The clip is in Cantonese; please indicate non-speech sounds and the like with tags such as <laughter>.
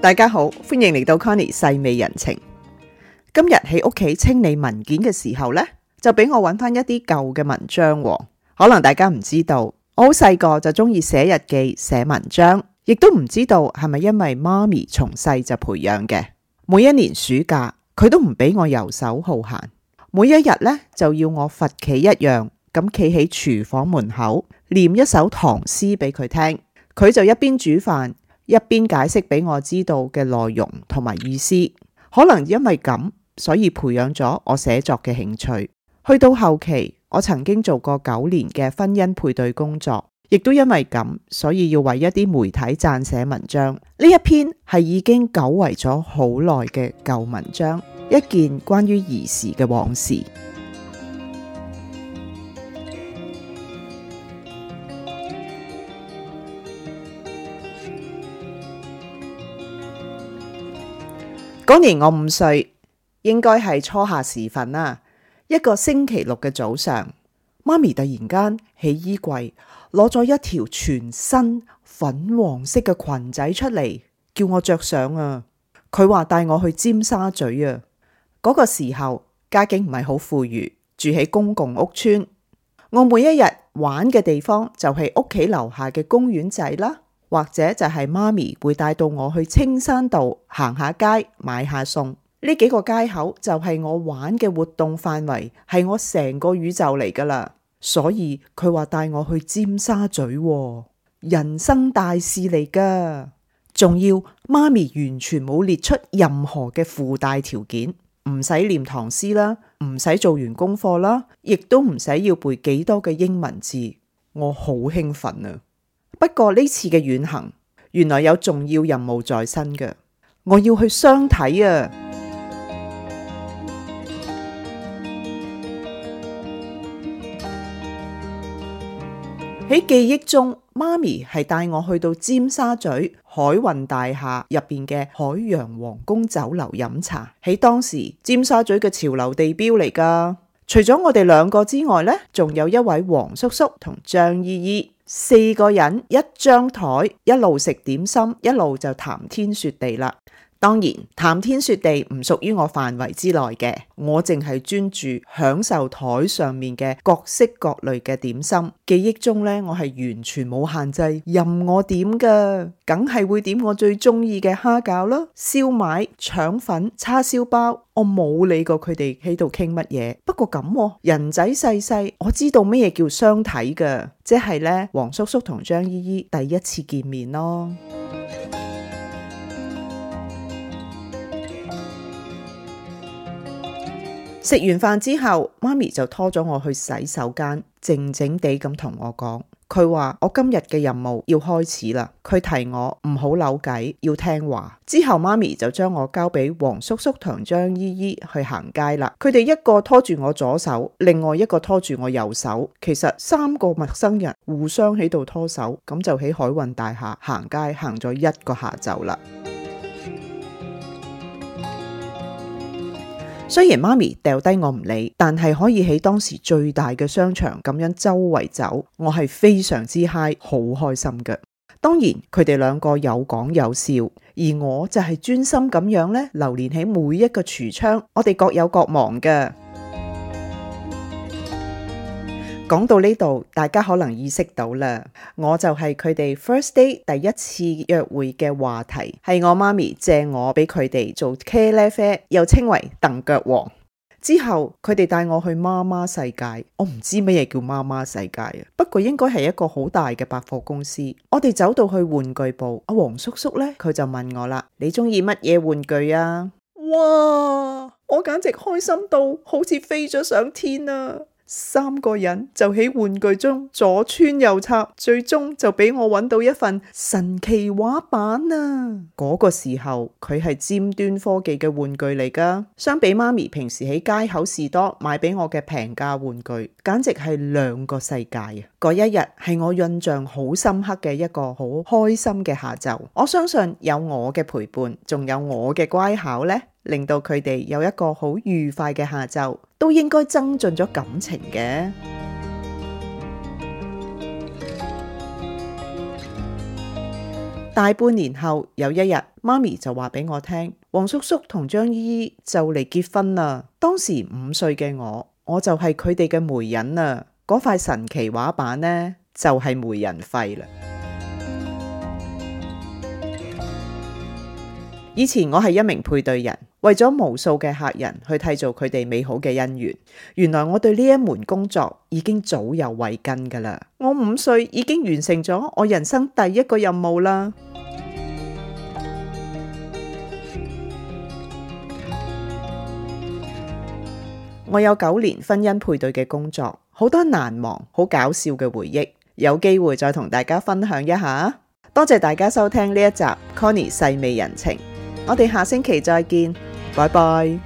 大家好，歡迎嚟到 Connie 細味人情。今日喺屋企清理文件嘅時候呢，就俾我揾翻一啲舊嘅文章。可能大家唔知道，我好細個就中意寫日記、寫文章，亦都唔知道係咪因為媽咪從細就培養嘅。每一年暑假，佢都唔俾我游手好閒，每一日呢，就要我罰企一樣咁企喺廚房門口念一首唐詩俾佢聽，佢就一邊煮飯。一邊解釋俾我知道嘅內容同埋意思，可能因為咁，所以培養咗我寫作嘅興趣。去到後期，我曾經做過九年嘅婚姻配對工作，亦都因為咁，所以要為一啲媒體撰寫文章。呢一篇係已經久違咗好耐嘅舊文章，一件關於兒時嘅往事。嗰年我五歲，應該係初夏時分啦。一個星期六嘅早上，媽咪突然間喺衣櫃攞咗一條全身粉黃色嘅裙仔出嚟，叫我着上啊。佢話帶我去尖沙咀啊。嗰個時候家境唔係好富裕，住喺公共屋邨。我每一日玩嘅地方就係屋企樓下嘅公園仔啦。或者就係媽咪會帶到我去青山道行下街買下餸，呢幾個街口就係我玩嘅活動範圍，係我成個宇宙嚟噶啦。所以佢話帶我去尖沙咀喎，人生大事嚟噶，仲要媽咪完全冇列出任何嘅附帶條件，唔使念唐詩啦，唔使做完功課啦，亦都唔使要背幾多嘅英文字，我好興奮啊！不過呢次嘅遠行，原來有重要任務在身嘅，我要去相睇啊！喺 <music> 記憶中，媽咪係帶我去到尖沙咀海運大廈入邊嘅海洋皇宮酒樓飲茶，喺當時尖沙咀嘅潮流地標嚟噶。除咗我哋兩個之外呢，咧仲有一位黃叔叔同張姨姨。四個人，一張台，一路食點心，一路就談天說地啦。當然，談天說地唔屬於我範圍之內嘅，我淨係專注享受台上面嘅各式各類嘅點心。記憶中呢，我係完全冇限制，任我點噶，梗係會點我最中意嘅蝦餃啦、燒賣、腸粉、叉燒包。我冇理過佢哋喺度傾乜嘢。不過咁啊，人仔細細，我知道乜嘢叫相睇噶，即係呢，黃叔叔同張姨姨第一次見面咯。食完飯之後，媽咪就拖咗我去洗手間，靜靜地咁同我講，佢話我今日嘅任務要開始啦。佢提我唔好扭計，要聽話。之後媽咪就將我交俾黃叔叔同張姨姨去行街啦。佢哋一個拖住我左手，另外一個拖住我右手，其實三個陌生人互相喺度拖手，咁就喺海運大廈行街行咗一個下晝啦。雖然媽咪掉低我唔理，但係可以喺當時最大嘅商場咁樣周圍走，我係非常之 high，好開心嘅。當然佢哋兩個有講有笑，而我就係專心咁樣呢，流連喺每一個櫥窗，我哋各有各忙嘅。講到呢度，大家可能意識到啦，我就係佢哋 first day 第一次約會嘅話題，係我媽咪借我俾佢哋做茄喱啡，又稱為凳腳王。之後佢哋帶我去媽媽世界，我唔知乜嘢叫媽媽世界啊，不過應該係一個好大嘅百貨公司。我哋走到去玩具部，阿黃叔叔呢，佢就問我啦：你中意乜嘢玩具啊？哇！我簡直開心到好似飛咗上天啊！三個人就喺玩具中左穿右插，最終就俾我揾到一份神奇畫板啊！嗰個時候佢係尖端科技嘅玩具嚟㗎，相比媽咪平時喺街口士多買俾我嘅平價玩具，簡直係兩個世界啊！嗰一日係我印象好深刻嘅一個好開心嘅下晝，我相信有我嘅陪伴，仲有我嘅乖巧呢。令到佢哋有一個好愉快嘅下晝，都應該增進咗感情嘅。大半年後有一日，媽咪就話畀我聽，黃叔叔同張姨姨就嚟結婚啦。當時五歲嘅我，我就係佢哋嘅媒人啦。嗰塊神奇畫板呢，就係媒人費啦。以前我係一名配對人。為咗無數嘅客人去締造佢哋美好嘅姻緣，原來我對呢一門工作已經早有慧根㗎喇。我五歲已經完成咗我人生第一個任務啦。 <music> 我有九年婚姻配對嘅工作，好多難忘、好搞笑嘅回憶，有機會再同大家分享一下。 <music> 多謝大家收聽呢一集 Connie 細味人情。我哋下星期再見，拜拜。